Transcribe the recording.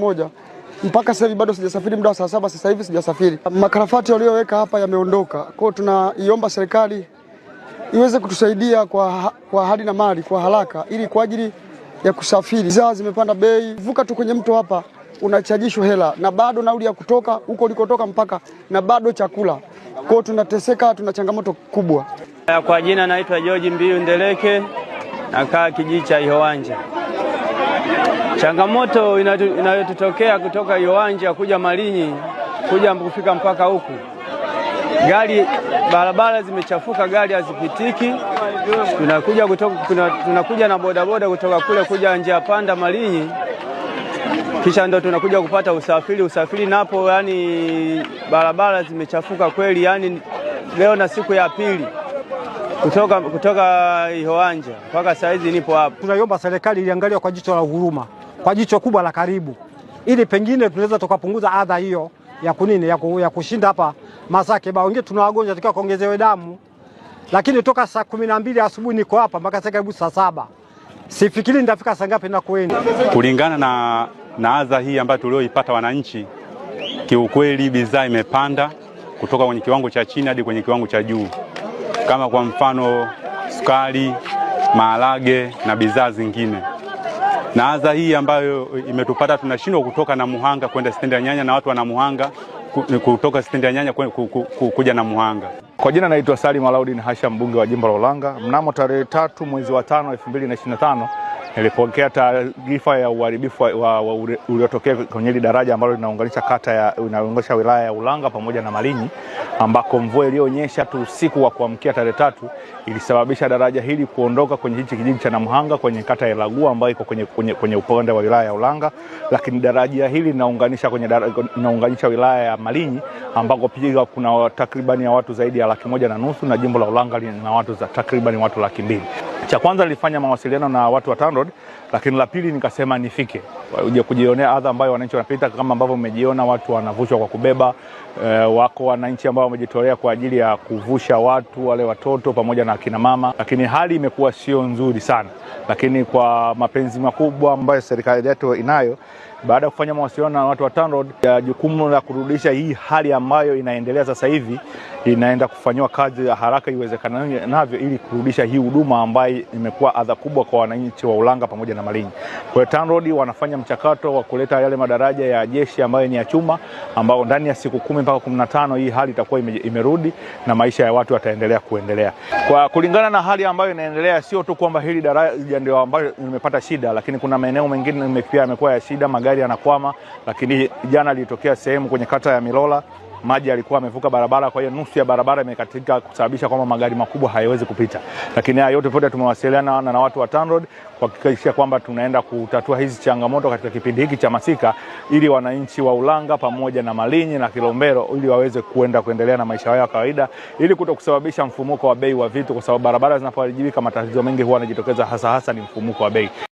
moja mpaka sasa hivi bado sijasafiri, muda wa saa saba sasa hivi sijasafiri. Makarafati walioweka hapa yameondoka, kwa hiyo tunaiomba serikali iweze kutusaidia kwa, kwa hadi na mali kwa haraka, ili kwa ajili ya kusafiri. Bidhaa zimepanda bei, vuka tu kwenye mto hapa unachajishwa hela na bado nauli ya kutoka huko ulikotoka mpaka na bado chakula. Kwa hiyo tunateseka, tuna changamoto kubwa. Kwa jina naitwa George Mbiu Ndeleke, nakaa kijiji cha Ihowanja. Changamoto inayotutokea kutoka Iwanja kuja Malinyi kuja kufika mpaka huku, gari barabara zimechafuka, gari hazipitiki. Tunakuja kutoka, tunakuja na bodaboda kutoka kule kuja njia panda Malinyi, kisha ndo tunakuja kupata usafiri. Usafiri napo, yani barabara zimechafuka kweli, yani leo na siku ya pili kutoka, kutoka Ihoanja mpaka saa hizi nipo hapa. Tunaiomba serikali iliangalia kwa jicho la huruma, kwa jicho kubwa la karibu, ili pengine tunaweza tukapunguza adha hiyo ya kunini ya, ku, ya kushinda hapa Masake ba Wengine tuna wagonjwa tukiwa kuongezewe damu, lakini toka saa kumi na mbili asubuhi niko hapa mpaka sasa karibu saa saba sifikiri nitafika saa ngapi na kuenda kulingana na, na adha hii ambayo tulioipata wananchi. Kiukweli bidhaa imepanda kutoka kwenye kiwango cha chini hadi kwenye kiwango cha juu kama kwa mfano sukari, maharage na bidhaa zingine. Na adha hii ambayo imetupata, tunashindwa kutoka na Muhanga kwenda stendi ya nyanya na watu wana Muhanga kutoka stendi ya nyanya kuja na Muhanga. Kwa jina naitwa Salim Alaudin Hasha, mbunge wa jimbo la Ulanga. Mnamo tarehe tatu mwezi wa tano 2025 Nilipokea taarifa ya uharibifu uliotokea kwenye hili daraja ambalo linaunganisha kata ya inaunganisha wilaya ya Ulanga pamoja na Malinyi, ambako mvua iliyonyesha tu usiku wa kuamkia tarehe tatu ilisababisha daraja hili kuondoka kwenye hichi kijiji cha Namhanga kwenye kata ya Ilagua ambayo iko kwenye, kwenye, kwenye upande wa wilaya ya Ulanga, lakini daraja hili linaunganisha kwenye linaunganisha wilaya ya Malinyi ambako pia kuna takribani ya watu zaidi ya laki moja na nusu na jimbo la Ulanga lina watu za takribani watu laki mbili. Cha kwanza nilifanya mawasiliano na watu wa TANROADS, lakini la pili nikasema nifike kuja kujionea adha ambayo wananchi wanapita, kama ambavyo mmejiona watu wanavushwa kwa kubeba. E, wako wananchi ambao wamejitolea kwa ajili ya kuvusha watu wale watoto pamoja na akina mama, lakini hali imekuwa sio nzuri sana, lakini kwa mapenzi makubwa ambayo serikali yetu inayo baada ya kufanya mawasiliano na watu wa TANROADS ya jukumu la kurudisha hii hali ambayo inaendelea sasa hivi inaenda kufanyiwa kazi ya haraka iwezekanavyo, ili kurudisha hii huduma ambayo imekuwa adha kubwa kwa wananchi wa Ulanga pamoja na Malinyi. Kwa hiyo TANROADS wanafanya mchakato wa kuleta yale madaraja ya jeshi ambayo ni ya chuma, ambao ndani ya siku kumi mpaka kumi na tano hii hali itakuwa imerudi na maisha ya watu yataendelea kuendelea kwa kulingana na hali ambayo inaendelea. Sio tu kwamba hili daraja ndio ambayo limepata shida, lakini kuna maeneo mengine pia yamekuwa ya shida, magari yanakwama. Lakini jana lilitokea sehemu kwenye kata ya Milola maji yalikuwa yamevuka barabara, kwa hiyo nusu ya barabara imekatika kusababisha kwamba magari makubwa hayawezi kupita. Lakini haya yote pote, tumewasiliana na watu wa TANROADS kuhakikisha kwamba tunaenda kutatua hizi changamoto katika kipindi hiki cha masika, ili wananchi wa Ulanga pamoja na Malinyi na Kilombero ili waweze kuenda kuendelea na maisha yao ya kawaida, ili kuto kusababisha mfumuko wa bei wa vitu, kwa sababu barabara zinapoharibika matatizo mengi huwa yanajitokeza, hasa hasa ni mfumuko wa bei.